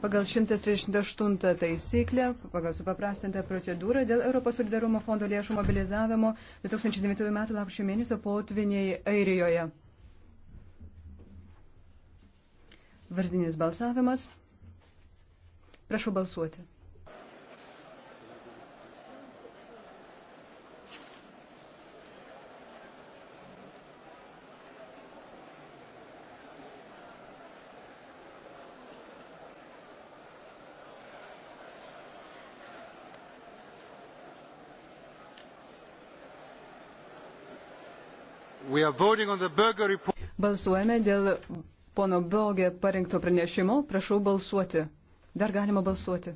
pagal 138 taisyklę, pagal supaprastintą procedūrą dėl Europos solidarumo fondo lėšų mobilizavimo 2009 m. lapkričio mėnesio potviniai Airijoje. Vardinis balsavimas. Prašau balsuoti. Balsuojame dėl pono Bogė parinkto pranešimo. Prašau balsuoti. Dar galima balsuoti.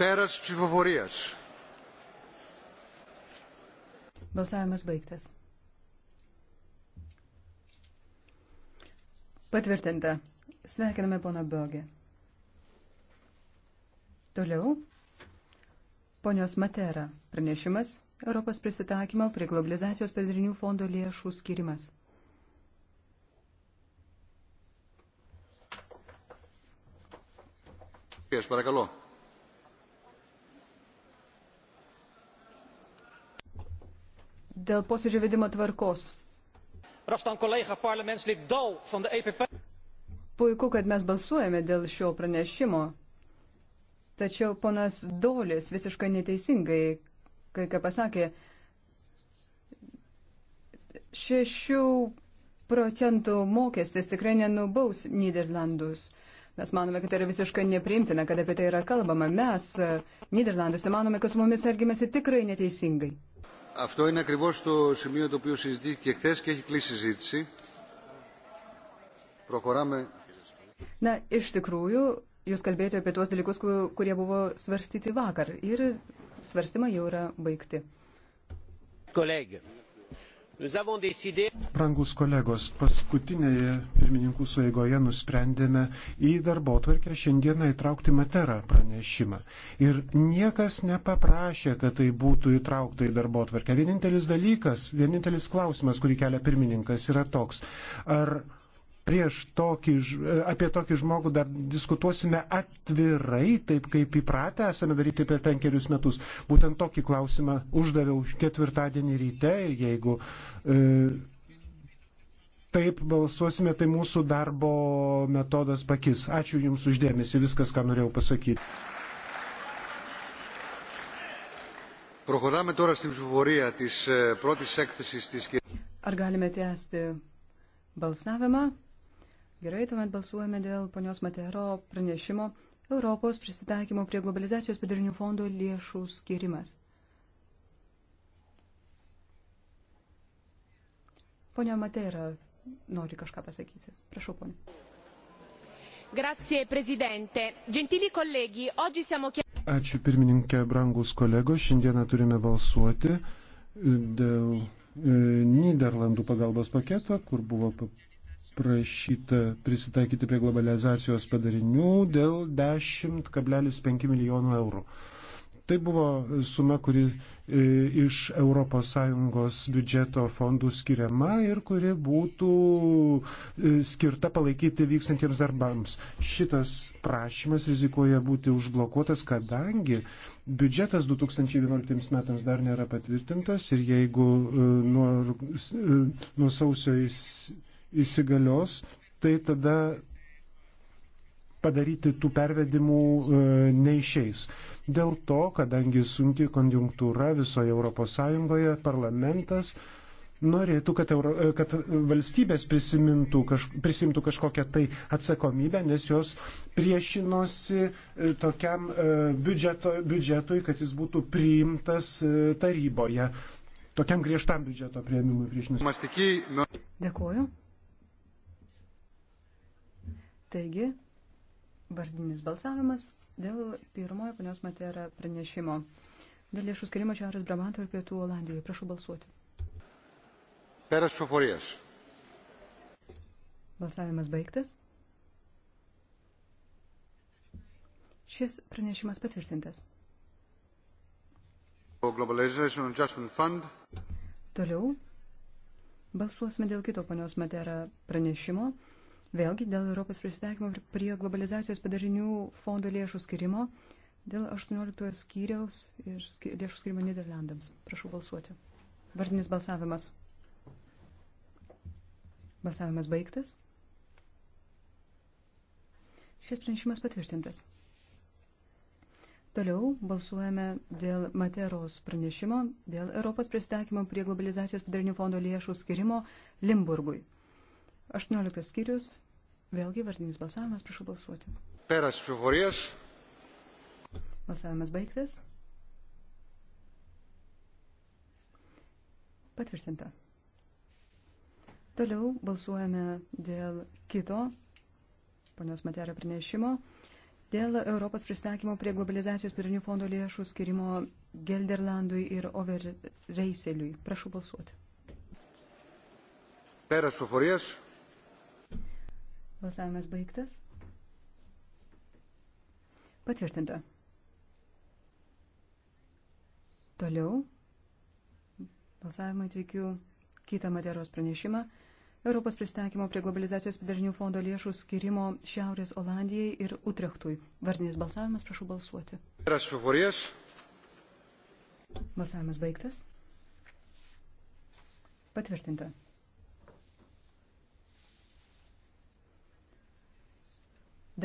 Pėras psifovorijas. Balsavimas baigtas. Patvirtinta. Sveikiname pono Biogė. Toliau. Ponios Matera. Pranešimas. Europos prisitaikymo prie globalizacijos padarinių fondo lėšų skirimas. Prieš parakalo. dėl posėdžio vedimo tvarkos. E Puiku, kad mes balsuojame dėl šio pranešimo, tačiau ponas Dolis visiškai neteisingai, kai ką pasakė, šešių procentų mokestis tikrai nenubaus Niderlandus. Mes manome, kad tai yra visiškai nepriimtina, kad apie tai yra kalbama. Mes Niderlanduose manome, kad su mumis elgimasi tikrai neteisingai. Αυτό είναι ακριβώς το σημείο το οποίο συζητήθηκε χθε και έχει κλείσει συζήτηση. Προχωράμε. Na, iš tikrųjų, jūs kalbėjote apie tuos dalykus, kurie buvo svarstyti vakar ir svarstymai jau yra baigti. Kolegė. Brangus kolegos, paskutinėje pirmininkų sueigoje nusprendėme į darbo tvarkę šiandieną įtraukti materą pranešimą. Ir niekas nepaprašė, kad tai būtų įtraukta į darbo tvarkę. Vienintelis dalykas, vienintelis klausimas, kurį kelia pirmininkas, yra toks. Ar prieš tokį, apie tokį žmogų dar diskutuosime atvirai, taip kaip įpratę esame daryti per penkerius metus. Būtent tokį klausimą uždaviau ketvirtadienį ryte ir jeigu e, taip balsuosime, tai mūsų darbo metodas pakis. Ačiū Jums uždėmesi, viskas, ką norėjau pasakyti. Προχωράμε τώρα στην ψηφοφορία της πρώτης έκθεσης της κυρίας. Ar galime tęsti balsavimą? Gerai, tuomet balsuojame dėl ponios Matero pranešimo Europos prisitaikymo prie globalizacijos padarinių fondo lėšų skirimas. Pone Matera nori kažką pasakyti. Prašau, ponė. Grazie, prezidente. Gentili kolegi, oggi siamo Ačiū pirmininkė, brangus kolegos. Šiandieną turime balsuoti dėl e, Niderlandų pagalbos paketo, kur buvo prašyta prisitaikyti prie globalizacijos padarinių dėl 10,5 milijonų eurų. Tai buvo suma, kuri e, iš ES biudžeto fondų skiriama ir kuri būtų e, skirta palaikyti vykstantiems darbams. Šitas prašymas rizikuoja būti užblokuotas, kadangi biudžetas 2011 metams dar nėra patvirtintas ir jeigu e, nuo, nuo sausio jis įsigalios, tai tada padaryti tų pervedimų e, neišeis. Dėl to, kadangi sunki konjunktūra visoje ES, parlamentas norėtų, kad, Euro, e, kad valstybės kaž, prisimtų kažkokią tai atsakomybę, nes jos priešinosi e, tokiam e, biudžeto, biudžetui, kad jis būtų priimtas e, taryboje. Tokiam griežtam biudžeto prieimimui priešinosi. Nu- Dėkuoju. Taigi, vardinis balsavimas dėl pirmojo panios Matera pranešimo. Dėl lėšų skirimo Šiaurės Bramanto ir Pietų Olandijoje. Prašau balsuoti. Peras Šoforijas. Balsavimas baigtas. Šis pranešimas patvirtintas. Toliau balsuosime dėl kito panios Matera pranešimo. Vėlgi dėl Europos prisitaikymo prie globalizacijos padarinių fondo lėšų skirimo, dėl 18 skyriaus ir lėšų skirimo Niderlandams. Prašau balsuoti. Vardinis balsavimas. Balsavimas baigtas. Šis pranešimas patvirtintas. Toliau balsuojame dėl Materos pranešimo dėl Europos pristaikymo prie globalizacijos padarinių fondo lėšų skirimo Limburgui. 18 skyrius, vėlgi vardinis balsavimas, prašau balsuoti. Peras Fivorijas. Balsavimas baigtas. Patvirtinta. Toliau balsuojame dėl kito ponios Materio pranešimo dėl Europos pristatymo prie globalizacijos pirinių fondo lėšų skirimo Gelderlandui ir Overreiseliui. Prašau balsuoti. Peras Suforijas. Balsavimas baigtas. Patvirtinta. Toliau balsavimą atvykiu kitą materijos pranešimą. Europos pristatymo prie globalizacijos padarinių fondo lėšų skirimo Šiaurės Olandijai ir Utrechtui. Vardinis balsavimas, prašau balsuoti. Balsavimas baigtas. Patvirtinta.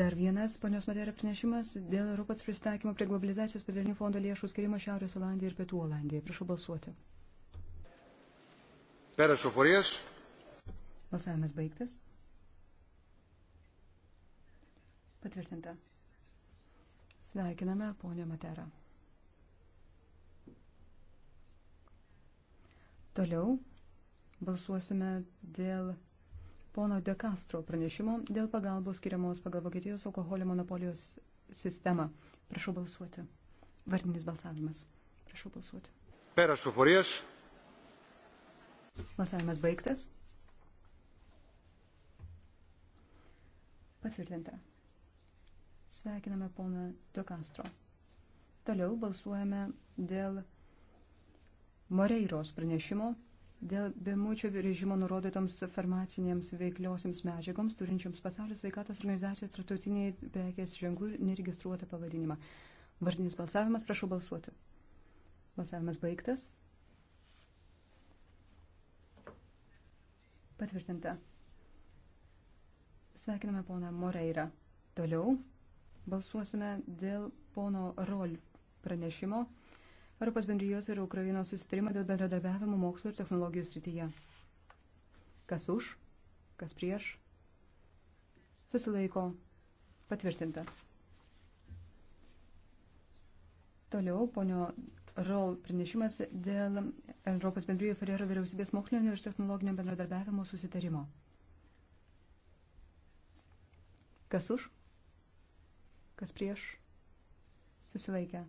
Dar vienas ponios Matera pranešimas dėl Europos pristaikymo prie globalizacijos padarinių fondo lėšų skirimo Šiaurės Olandijai ir Pietų Olandijai. Prašau balsuoti. Peras Soforijas. Balsavimas baigtas. Patvirtinta. Sveikiname ponio Matera. Toliau balsuosime dėl pono De Castro pranešimo dėl pagalbos skiriamos pagal Vokietijos alkoholio monopolijos sistemą. Prašau balsuoti. Vardinis balsavimas. Prašau balsuoti. Peras suforijas. Balsavimas baigtas. Patvirtinta. Sveikiname poną De Castro. Toliau balsuojame dėl Moreiros pranešimo dėl bemučio režimo nurodytoms farmacinėms veikliosiams medžiagoms turinčioms pasaulio sveikatos organizacijos tarptautinį prekės ženklų neregistruotą pavadinimą. Vardinis balsavimas, prašau balsuoti. Balsavimas baigtas. Patvirtinta. Sveikiname poną Moreirą. Toliau balsuosime dėl pono Rol pranešimo. Europos bendrijos ir Ukrainos susitarimą dėl bendradarbiavimo mokslo ir technologijų srityje. Kas už, kas prieš, susilaiko patvirtinta. Toliau ponio Rol pranešimas dėl Europos bendrijų Ferrero vyriausybės mokslinio ir technologinio bendradarbiavimo susitarimo. Kas už? Kas prieš? Susilaikę.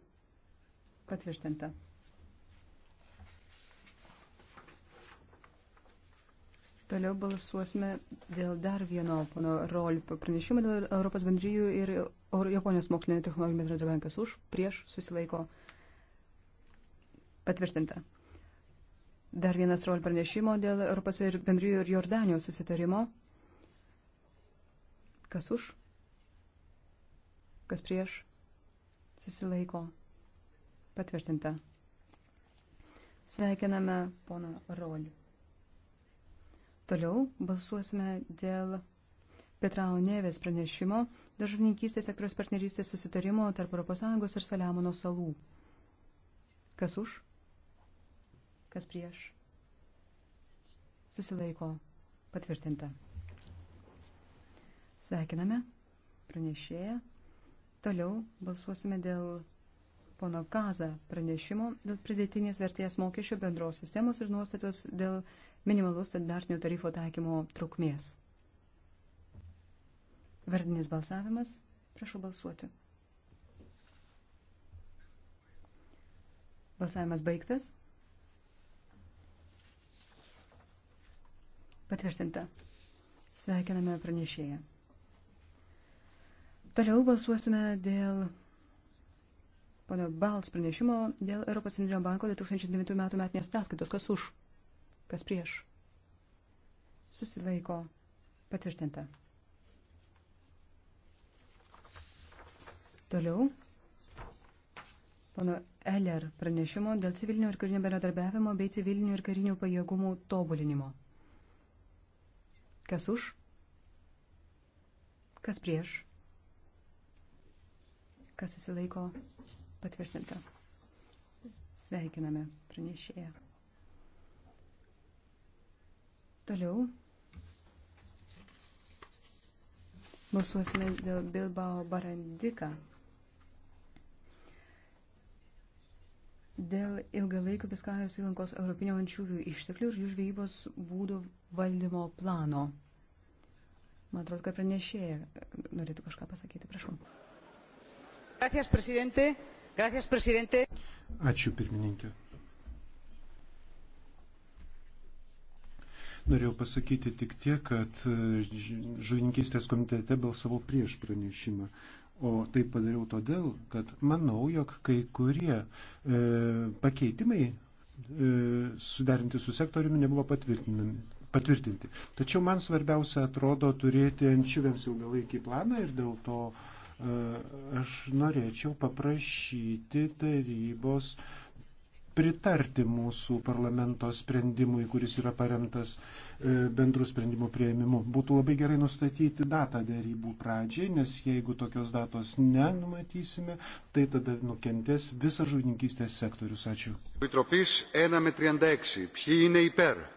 Patvirtinta. Toliau balsuosime dėl dar vieno pono rol pranešimo dėl Europos bendryjų ir Japonijos mokslinio technologijų bendradarbiavimas už, prieš, susilaiko. Patvirtinta. Dar vienas rol pranešimo dėl Europos ir bendryjų ir Jordanijos susitarimo. Kas už? Kas prieš? Susilaiko. Patvirtinta. Sveikiname poną Rolių. Toliau balsuosime dėl Petrao Nevės pranešimo dėl žuvininkystės sektoriaus partnerystės susitarimo tarp ES ir Saliamono salų. Kas už? Kas prieš? Susilaiko. Patvirtinta. Sveikiname pranešėją. Toliau balsuosime dėl pono Kaza pranešimo dėl pridėtinės vertės mokesčio bendros sistemos ir nuostatos dėl minimalus standartinio tarifo taikymo trukmės. Vardinis balsavimas. Prašau balsuoti. Balsavimas baigtas. Patvirtinta. Sveikiname pranešėją. Toliau balsuosime dėl pono Balts pranešimo dėl Europos Centrinio banko 2009 metų metinės ataskaitos. Kas už? Kas prieš? Susilaiko. Patvirtinta. Toliau. Pono Eller pranešimo dėl civilinio ir karinio bendradarbiavimo bei civilinių ir karinių pajėgumų tobulinimo. Kas už? Kas prieš? Kas susilaiko? Patvirtinta. Sveikiname pranešėją. Toliau balsuosime dėl Bilbao Barandika. Dėl ilgalaikio Biskajos įlankos europinio ančiųvių išteklių ir jų žvejybos būdų valdymo plano. Man atrodo, kad pranešėja norėtų kažką pasakyti, prašau. Gracias, presidente. Gracias, presidente. Ačiū, pirmininkė. Norėjau pasakyti tik tiek, kad e, žuvininkystės komitete balsavau prieš pranešimą. O tai padariau todėl, kad manau, jog kai kurie e, pakeitimai e, suderinti su sektoriumi nebuvo patvirtinami. Patvirtinti. Tačiau man svarbiausia atrodo turėti ančiuviams ilgalaikį planą ir dėl to e, E, aš norėčiau paprašyti tarybos pritarti mūsų parlamento sprendimui, kuris yra paremtas e, bendrų sprendimų prieimimu. Būtų labai gerai nustatyti datą dėrybų pradžiai, nes jeigu tokios datos nenumatysime, tai tada nukentės visas žuvininkystės sektorius. Ačiū. Pitropys 1 με 36. Ποιοι είναι υπέρ.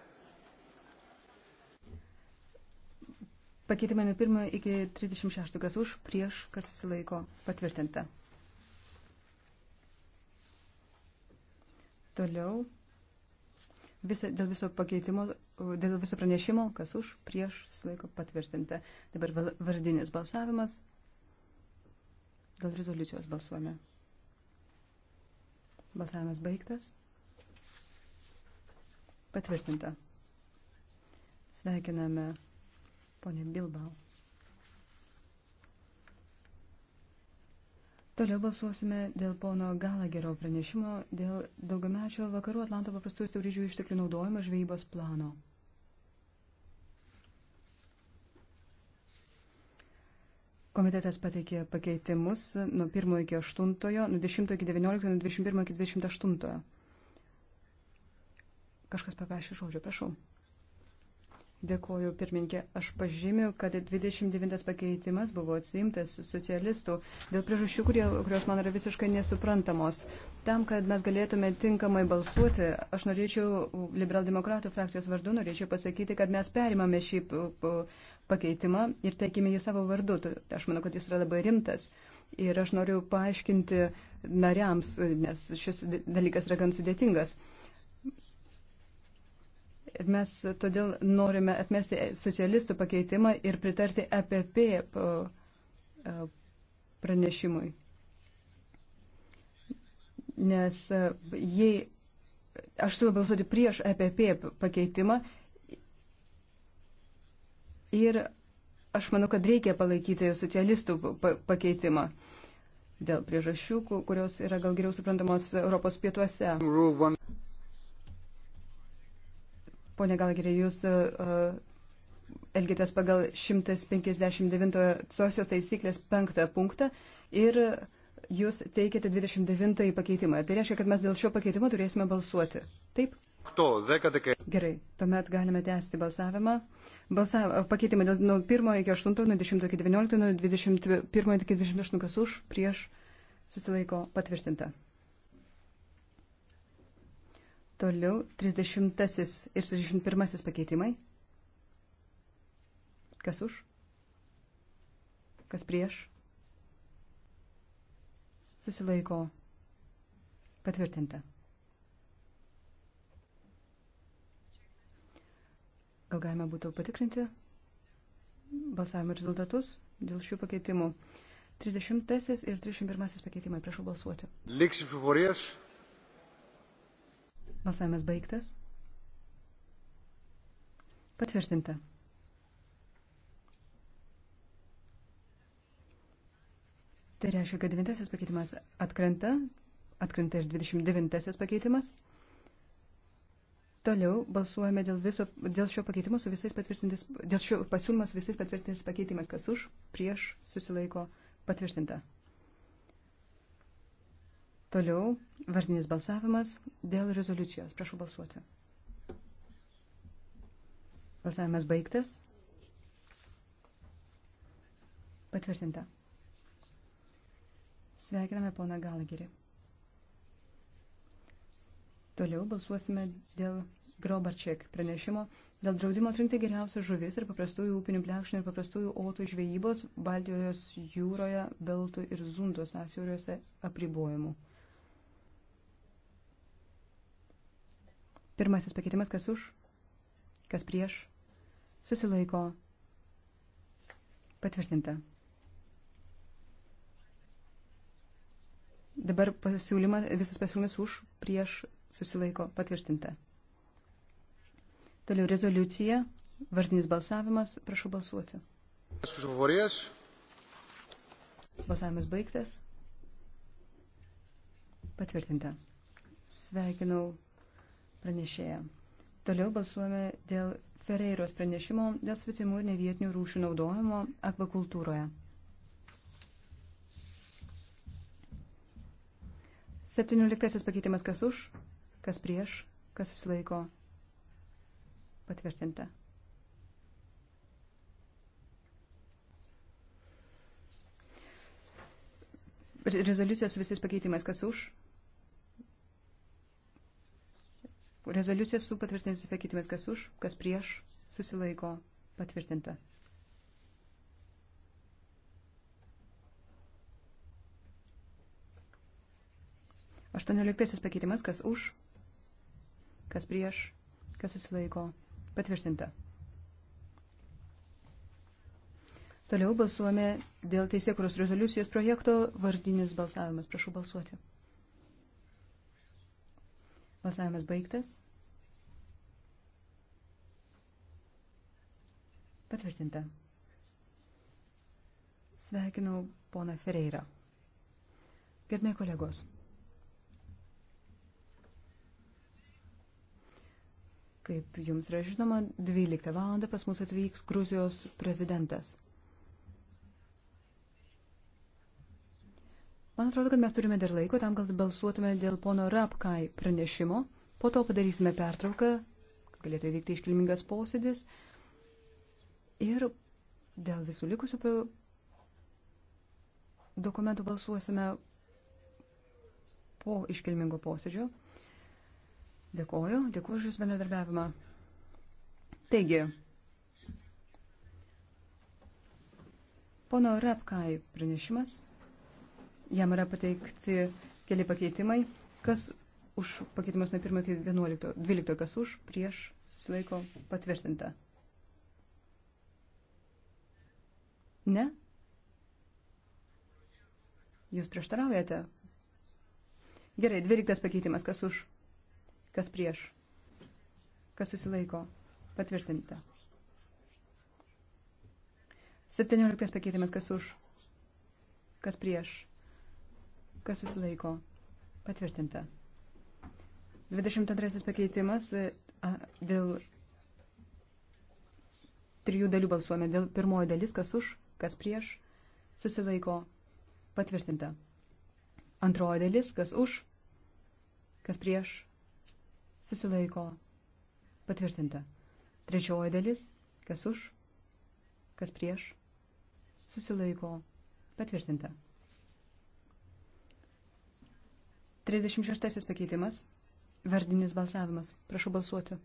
Pakeitimai nuo 1 iki 36, kas už, prieš, kas susilaiko, patvirtinta. Toliau, visa, dėl viso pakeitimo, dėl viso pranešimo, kas už, prieš, susilaiko, patvirtinta. Dabar vardinis balsavimas, dėl rezoliucijos balsuojame. Balsavimas baigtas. Patvirtinta. Sveikiname Pone Bilbao. Toliau balsuosime dėl pono Galagero pranešimo dėl daugiamečio vakarų Atlanto paprastųjų siauryžių išteklių naudojimo žvejybos plano. Komitetas pateikė pakeitimus nuo 1 iki 8, nuo 10 iki 19, nuo 21 iki 28. Kažkas paprašė žodžio, prašau. Dėkuoju, pirmininkė. Aš pažymiu, kad 29 pakeitimas buvo atsiimtas socialistų dėl priežasčių, kurie, kurios man yra visiškai nesuprantamos. Tam, kad mes galėtume tinkamai balsuoti, aš norėčiau, liberaldemokratų frakcijos vardu, norėčiau pasakyti, kad mes perimame šį pakeitimą ir teikime jį savo vardu. Aš manau, kad jis yra labai rimtas. Ir aš noriu paaiškinti nariams, nes šis dalykas yra gan sudėtingas. Ir mes todėl norime atmesti socialistų pakeitimą ir pritarti APP e e, pranešimui. Nes e, jei aš siūlau balsuoti prieš EPP pakeitimą ir aš manau, kad reikia palaikyti socialistų pakeitimą dėl priežasčių, kurios yra gal geriau suprantamos Europos pietuose. Pone Galgerį, jūs uh, e, e, elgitės pagal 159 taisyklės penktą punktą ir jūs teikėte 29 pakeitimą. Tai reiškia, kad mes dėl šio pakeitimo turėsime balsuoti. Taip? Gerai, tuomet galime tęsti balsavimą. Balsavimą pakeitimą dėl nuo 1 iki 8, nuo 10 iki 19, nuo 21 iki 28, kas už, prieš, susilaiko patvirtinta. Toliau 30 ir 31 pakeitimai. Kas už? Kas prieš? Susilaiko. Patvirtinta. Gal galima būtų patikrinti balsavimo rezultatus dėl šių pakeitimų. 30 ir 31 pakeitimai. Prašau balsuoti. Liksi favorės. Balsavimas baigtas. Patvirtinta. Tai reiškia, kad 9 pakeitimas atkrenta, atkrenta ir 29 pakeitimas. Toliau balsuojame dėl, viso, dėl šio pakeitimo su visais patvirtintis, dėl šio pasiūlymo su visais patvirtintis pakeitimas, kas už, prieš, susilaiko, patvirtinta. Toliau vardinis balsavimas dėl rezoliucijos. Prašau balsuoti. Balsavimas baigtas. Patvirtinta. Sveikiname poną Galagirį. Toliau balsuosime dėl Grobarčiek pranešimo dėl draudimo atrinkti geriausias žuvis ir paprastųjų upinių plekšnių ir paprastųjų otų žvejybos Baltijos jūroje, Beltų ir Zundos sąsiauriuose apribojimų. Pirmasis pakeitimas, kas už, kas prieš, susilaiko, patvirtinta. Dabar pasiūlyma, visas pasiūlymas už, prieš, susilaiko, patvirtinta. Toliau rezoliucija, vardinis balsavimas, prašau balsuoti. Susivorės. Balsavimas baigtas. Patvirtinta. Sveikinau pranešėja. Toliau balsuojame dėl Ferreiros pranešimo dėl svetimų ir nevietinių rūšių naudojimo akvakultūroje. Septynioliktasis pakeitimas kas už, kas prieš, kas susilaiko. Patvirtinta. Rezoliucijos visais pakeitimais kas už, Rezoliucija su patvirtintais pakeitimais, kas už, kas prieš, susilaiko patvirtinta. Aštuonioliktasis pakeitimas, kas už, kas prieš, kas susilaiko patvirtinta. Toliau balsuojame dėl teisėkuros rezoliucijos projekto vardinis balsavimas. Prašau balsuoti. Balsavimas baigtas. Patvirtinta. Sveikinu poną Ferreirą. Gerbėjai kolegos. Kaip jums yra žinoma, 12 val. pas mus atvyks Gruzijos prezidentas. Man atrodo, kad mes turime dar laiko tam, kad balsuotume dėl pono Rapkai pranešimo. Po to padarysime pertrauką, galėtų įvykti iškilmingas posėdis. Ir dėl visų likusių dokumentų balsuosime po iškilmingo posėdžio. Dėkoju, dėkuoju už Jūsų bendradarbiavimą. Taigi, pono Repkai pranešimas, jam yra pateikti keli pakeitimai, kas už pakeitimus nuo 1 iki 11, 12, kas už, prieš, susilaiko patvirtinta. Ne? Jūs prieštaraujate? Gerai, dvyliktas pakeitimas. Kas už? Kas prieš? Kas susilaiko? Patvirtinta. Septynioliktas pakeitimas. Kas už? Kas prieš? Kas susilaiko? Patvirtinta. Dvidešimt antrasis pakeitimas e, a, dėl trijų dalių balsuojame. Dėl pirmoji dalis. Kas už? kas prieš, susilaiko patvirtinta. Antroji dalis, kas už, kas prieš, susilaiko patvirtinta. Trečioji dalis, kas už, kas prieš, susilaiko patvirtinta. 36 pakeitimas. Vardinis balsavimas. Prašau balsuoti.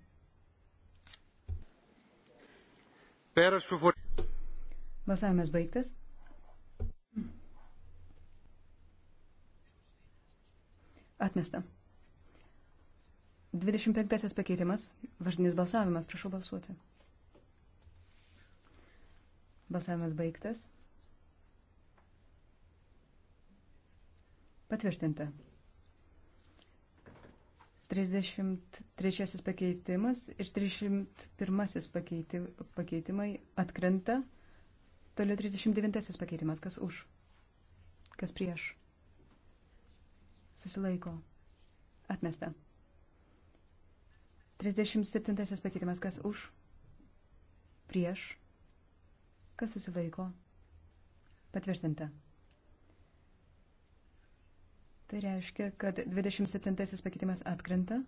Pėrašų. Balsavimas baigtas. Atmesta. 25 pakeitimas. Važdinis balsavimas. Prašau balsuoti. Balsavimas baigtas. Patvirtinta. 33 pakeitimas ir 31 pakeiti, pakeitimai atkrenta. Toliau 39 pakeitimas. Kas už? Kas prieš? Susilaiko. Atmesta. 37 pakeitimas. Kas už? Prieš? Kas susilaiko? Patvirtinta. Tai reiškia, kad 27 pakeitimas atkrenta.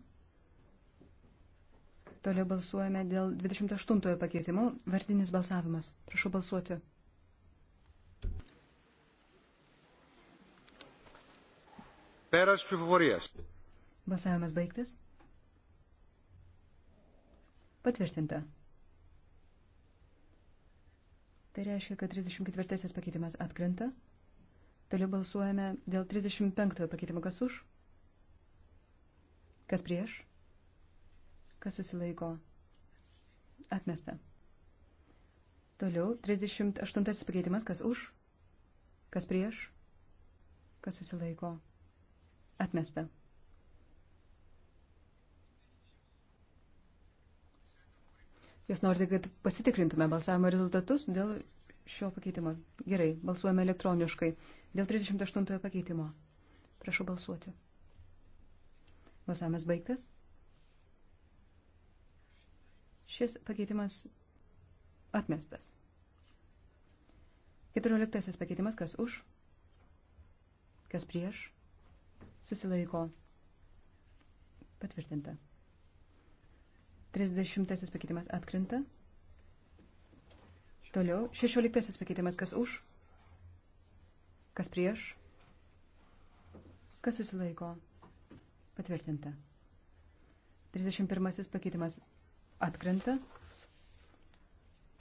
Toliau balsuojame dėl 28 pakeitimo. Vardinis balsavimas. Prašau balsuoti. Πέρας ψηφοφορίας. Balsavimas baigtas. Patvirtinta. Tai reiškia, kad 34 pakeitimas atkrenta. Toliau balsuojame dėl 35 pakeitimo. Kas už? Kas prieš? Kas susilaiko? Atmesta. Toliau 38 pakeitimas. Kas už? Kas prieš? Kas susilaiko? Atmesta. Jūs norite, kad pasitikrintume balsavimo rezultatus dėl šio pakeitimo. Gerai, balsuojame elektroniškai. Dėl 38 pakeitimo. Prašau balsuoti. Balsavimas baigtas. Šis pakeitimas atmestas. 14 pakeitimas, kas už, kas prieš, susilaiko patvirtinta. 30 pakeitimas atkrinta. Toliau 16 pakeitimas kas už, kas prieš, kas susilaiko patvirtinta. 31 pakeitimas atkrinta.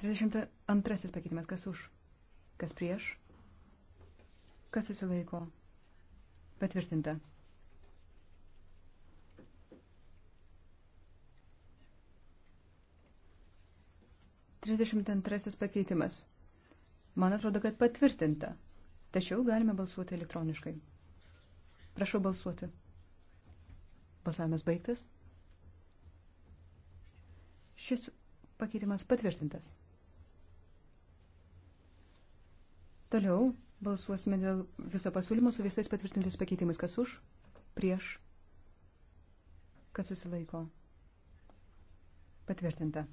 32 pakeitimas kas už, kas prieš, kas susilaiko patvirtinta. 32 pakeitimas. Man atrodo, kad patvirtinta. Tačiau galime balsuoti elektroniškai. Prašau balsuoti. Balsavimas baigtas. Šis pakeitimas patvirtintas. Toliau balsuosime dėl viso pasiūlymo su visais patvirtintais pakeitimais. Kas už? Prieš? Kas susilaiko? Patvirtinta.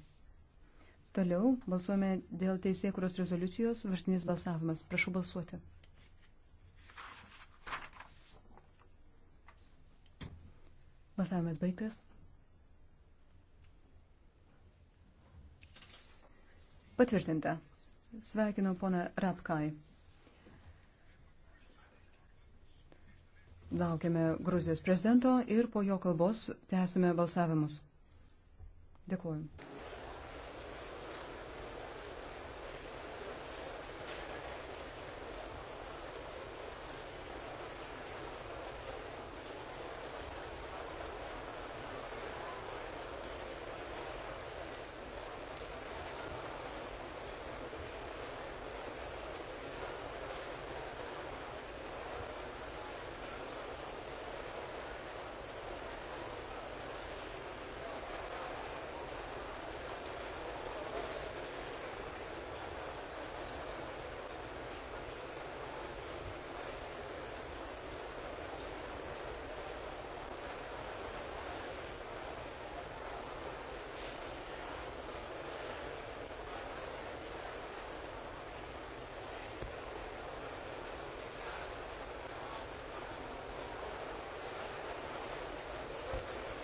Toliau balsuojame dėl teisėkuros rezoliucijos vartinis balsavimas. Prašau balsuoti. Balsavimas baigtas. Patvirtinta. Sveikinu poną Rapkai. Laukiame Gruzijos prezidento ir po jo kalbos tęsime balsavimus. Dėkuoju.